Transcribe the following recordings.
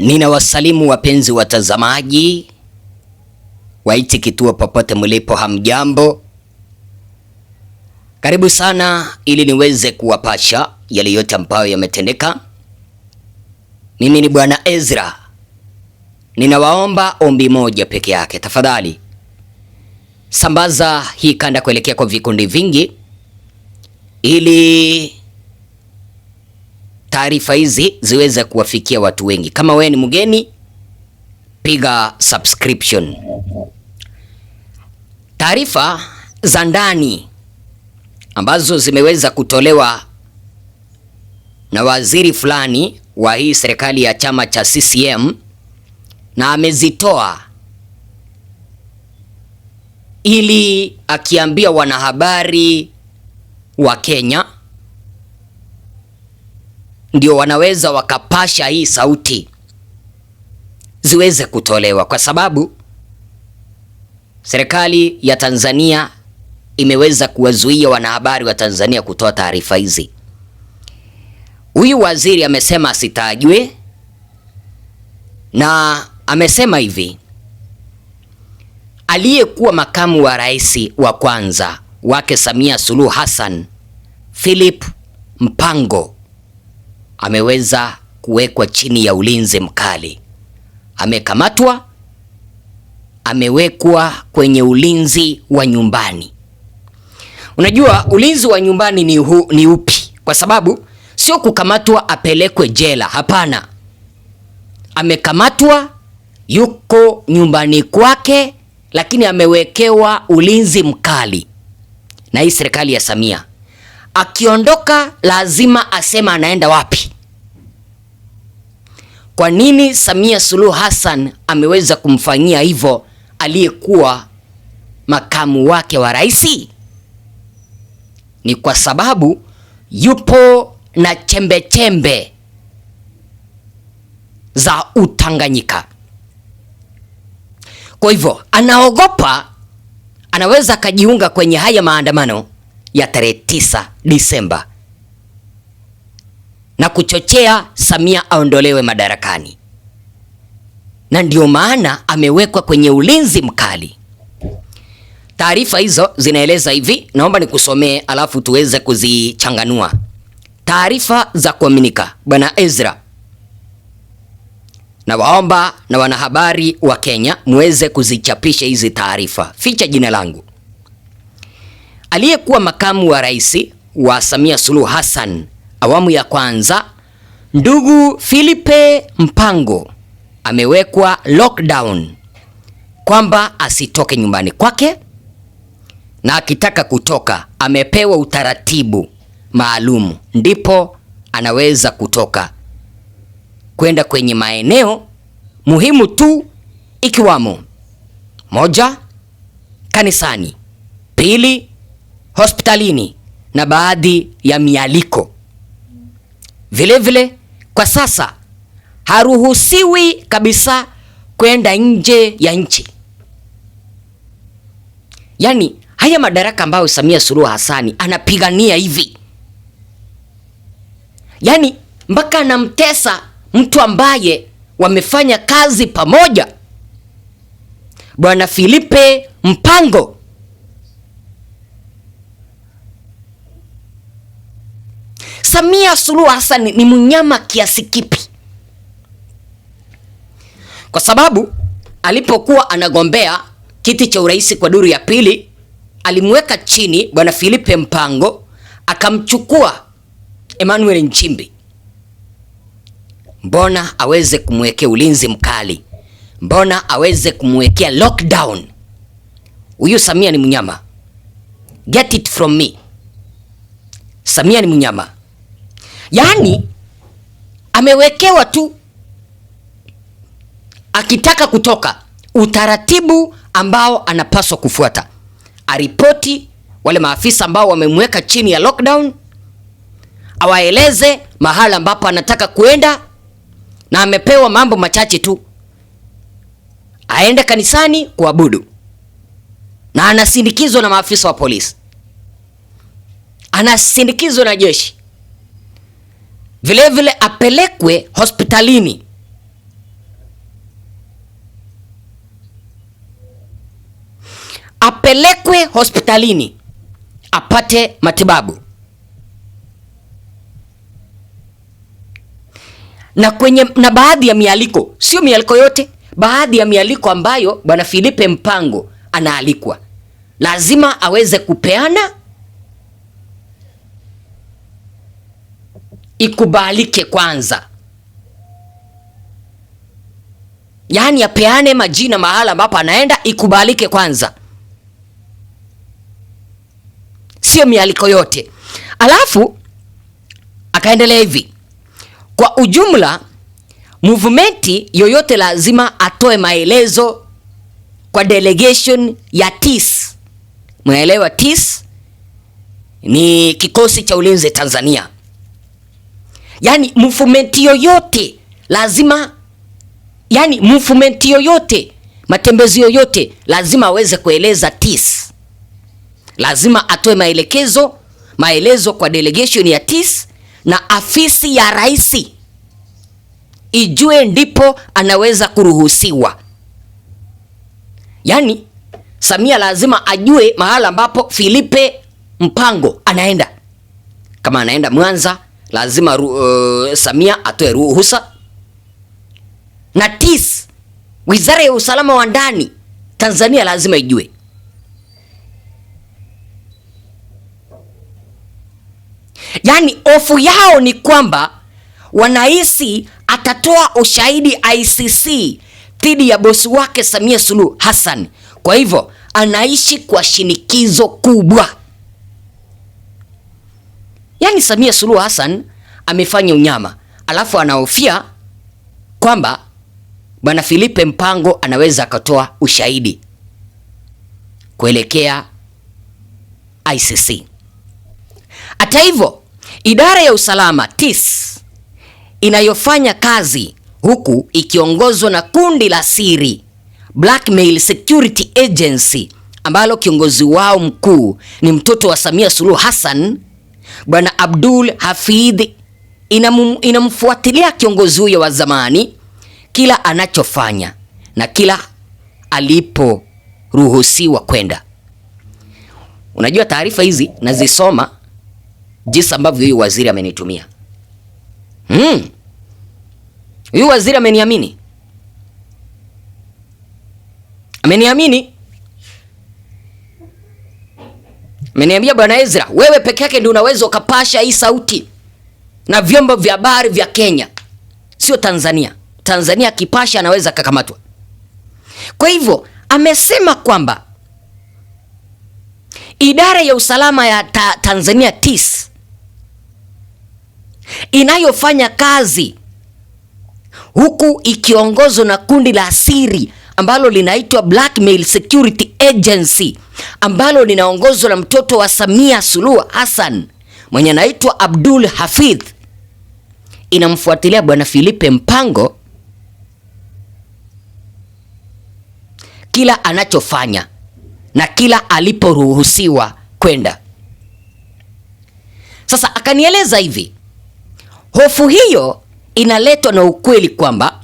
Ninawasalimu wapenzi watazamaji waiti kituo popote mlipo, hamjambo? Karibu sana ili niweze kuwapasha yale yote ambayo yametendeka. Mimi ni bwana Ezra, ninawaomba ombi moja peke yake, tafadhali sambaza hii kanda kuelekea kwa vikundi vingi ili taarifa hizi ziweze kuwafikia watu wengi. Kama wewe ni mgeni, piga subscription. Taarifa za ndani ambazo zimeweza kutolewa na waziri fulani wa hii serikali ya chama cha CCM na amezitoa ili akiambia wanahabari wa Kenya ndio wanaweza wakapasha hii sauti ziweze kutolewa, kwa sababu serikali ya Tanzania imeweza kuwazuia wanahabari wa Tanzania kutoa taarifa hizi. Huyu waziri amesema asitajwe, na amesema hivi, aliyekuwa makamu wa rais wa kwanza wake Samia Suluhu Hassan Philip Mpango ameweza kuwekwa chini ya ulinzi mkali. Amekamatwa, amewekwa kwenye ulinzi wa nyumbani. Unajua ulinzi wa nyumbani ni, hu, ni upi? Kwa sababu sio kukamatwa apelekwe jela, hapana. Amekamatwa, yuko nyumbani kwake, lakini amewekewa ulinzi mkali na hii serikali ya Samia akiondoka lazima asema anaenda wapi. Kwa nini Samia Suluhu Hassan ameweza kumfanyia hivyo aliyekuwa makamu wake wa rais? Ni kwa sababu yupo na chembe chembe za utanganyika. Kwa hivyo anaogopa anaweza akajiunga kwenye haya maandamano ya tarehe 9 Disemba na kuchochea Samia aondolewe madarakani, na ndio maana amewekwa kwenye ulinzi mkali. Taarifa hizo zinaeleza hivi, naomba nikusomee alafu tuweze kuzichanganua. Taarifa za kuaminika, Bwana Ezra na waomba na wanahabari wa Kenya muweze kuzichapisha hizi taarifa, ficha jina langu. Aliyekuwa makamu wa rais wa Samia Suluhu Hassan awamu ya kwanza, ndugu Philipe Mpango amewekwa lockdown kwamba asitoke nyumbani kwake, na akitaka kutoka amepewa utaratibu maalum, ndipo anaweza kutoka kwenda kwenye maeneo muhimu tu ikiwamo: moja, kanisani; pili, hospitalini na baadhi ya mialiko. Vilevile vile, kwa sasa haruhusiwi kabisa kwenda nje ya nchi. Yaani haya madaraka ambayo Samia Suluhu hasani anapigania hivi, yaani mpaka anamtesa mtu ambaye wamefanya kazi pamoja, Bwana Filipe Mpango Samia Suluhu Hassan ni mnyama kiasi kipi? Kwa sababu alipokuwa anagombea kiti cha urais kwa duru ya pili alimweka chini bwana filipe Mpango akamchukua Emmanuel Nchimbi. Mbona aweze kumwekea ulinzi mkali? Mbona aweze kumwekea lockdown? Huyu Samia ni mnyama. Get it from me. Samia ni mnyama. Yaani amewekewa tu akitaka kutoka utaratibu ambao anapaswa kufuata, aripoti wale maafisa ambao wamemweka chini ya lockdown, awaeleze mahala ambapo anataka kuenda, na amepewa mambo machache tu, aende kanisani kuabudu, na anasindikizwa na maafisa wa polisi, anasindikizwa na jeshi vilevile vile apelekwe hospitalini. Apelekwe hospitalini apate matibabu. Na kwenye na baadhi ya mialiko, sio mialiko yote, baadhi ya mialiko ambayo Bwana Filipe Mpango anaalikwa lazima aweze kupeana ikubalike kwanza, yaani apeane majina mahala ambapo anaenda ikubalike kwanza, sio mialiko yote. Alafu akaendelea hivi, kwa ujumla movement yoyote lazima atoe maelezo kwa delegation ya TIS. Mnaelewa, TIS ni kikosi cha ulinzi Tanzania yani movement yoyote lazima, yani movement yoyote, matembezi yoyote lazima aweze kueleza TIS, lazima atoe maelekezo maelezo kwa delegation ya TIS na afisi ya rais ijue, ndipo anaweza kuruhusiwa. Yaani Samia lazima ajue mahala ambapo Filipe Mpango anaenda, kama anaenda Mwanza lazima uh, Samia atoe ruhusa. Na tis wizara ya usalama wa ndani Tanzania lazima ijue Yaani, hofu yao ni kwamba wanahisi atatoa ushahidi ICC dhidi ya bosi wake Samia Suluhu Hassan. Kwa hivyo anaishi kwa shinikizo kubwa. Yaani Samia Suluhu Hassan amefanya unyama, alafu anahofia kwamba bwana Filipe Mpango anaweza akatoa ushahidi kuelekea ICC. Hata hivyo, idara ya usalama TIS inayofanya kazi huku ikiongozwa na kundi la siri Blackmail Security Agency ambalo kiongozi wao mkuu ni mtoto wa Samia Suluhu Hassan Bwana Abdul Hafidh inamfuatilia kiongozi huyo wa zamani kila anachofanya na kila aliporuhusiwa kwenda. Unajua, taarifa hizi nazisoma jinsi ambavyo huyu waziri amenitumia. Hmm. Huyu waziri ameniamini, ameniamini Meniambia Bwana Ezra, wewe peke yake ndio unaweza ukapasha hii sauti na vyombo vya habari vya Kenya, sio Tanzania. Tanzania akipasha anaweza akakamatwa. Kwa hivyo amesema kwamba idara ya usalama ya ta Tanzania TIS inayofanya kazi huku ikiongozwa na kundi la siri ambalo linaitwa Blackmail Security Agency ambalo linaongozwa na mtoto wa Samia Suluhu Hassan mwenye anaitwa Abdul Hafidh, inamfuatilia bwana Filipe Mpango kila anachofanya na kila aliporuhusiwa kwenda. Sasa akanieleza hivi, hofu hiyo inaletwa na ukweli kwamba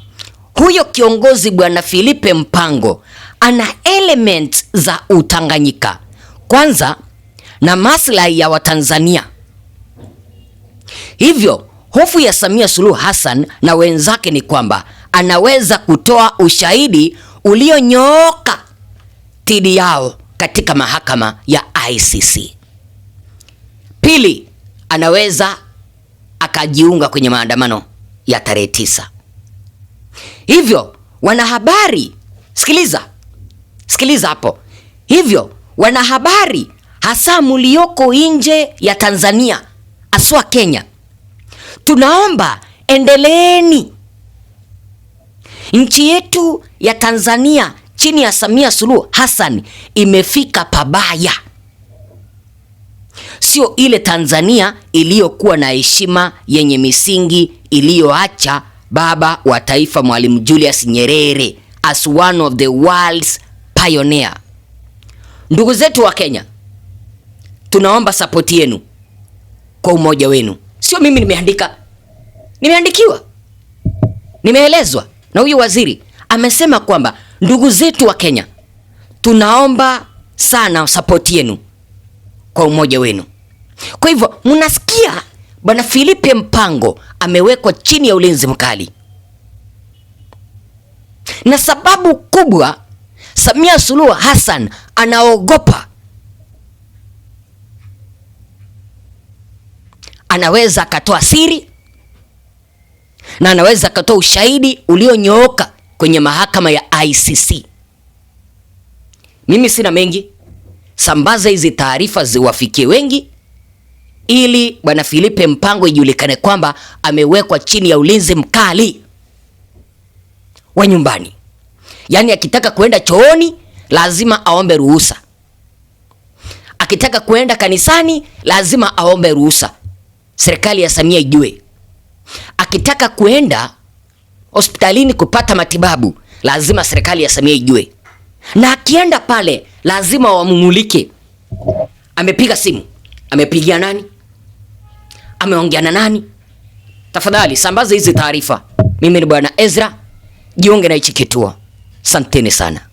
huyo kiongozi bwana Philipe Mpango ana element za utanganyika kwanza na maslahi ya Watanzania. Hivyo hofu ya Samia Suluhu Hassan na wenzake ni kwamba anaweza kutoa ushahidi ulionyooka dhidi yao katika mahakama ya ICC. Pili, anaweza akajiunga kwenye maandamano ya tarehe tisa. Hivyo wanahabari, sikiliza, sikiliza hapo. Hivyo wanahabari, hasa mlioko nje ya Tanzania, aswa Kenya, tunaomba endeleeni. Nchi yetu ya Tanzania chini ya Samia Suluhu Hassan imefika pabaya, sio ile Tanzania iliyokuwa na heshima yenye misingi iliyoacha baba wa taifa Mwalimu Julius Nyerere as one of the world's pioneer. Ndugu zetu wa Kenya, tunaomba sapoti yenu kwa umoja wenu. Sio mimi nimeandika, nimeandikiwa, nimeelezwa na huyu waziri amesema kwamba ndugu zetu wa Kenya, tunaomba sana sapoti yenu kwa umoja wenu. Kwa hivyo mnasikia Bwana Filipe Mpango amewekwa chini ya ulinzi mkali, na sababu kubwa, Samia Suluhu Hassan anaogopa anaweza akatoa siri na anaweza akatoa ushahidi ulionyooka kwenye mahakama ya ICC. Mimi sina mengi, sambaza hizi taarifa ziwafikie wengi ili bwana Filipe Mpango ijulikane kwamba amewekwa chini ya ulinzi mkali wa nyumbani. Yaani akitaka kuenda chooni lazima aombe ruhusa, akitaka kuenda kanisani lazima aombe ruhusa, serikali ya Samia ijue. Akitaka kuenda hospitalini kupata matibabu lazima serikali ya Samia ijue, na akienda pale lazima wamumulike, amepiga simu, amepigia nani ameongea na nani? Tafadhali sambaza hizi taarifa. Mimi ni Bwana Ezra, jiunge na hichi kituo. santeni sana.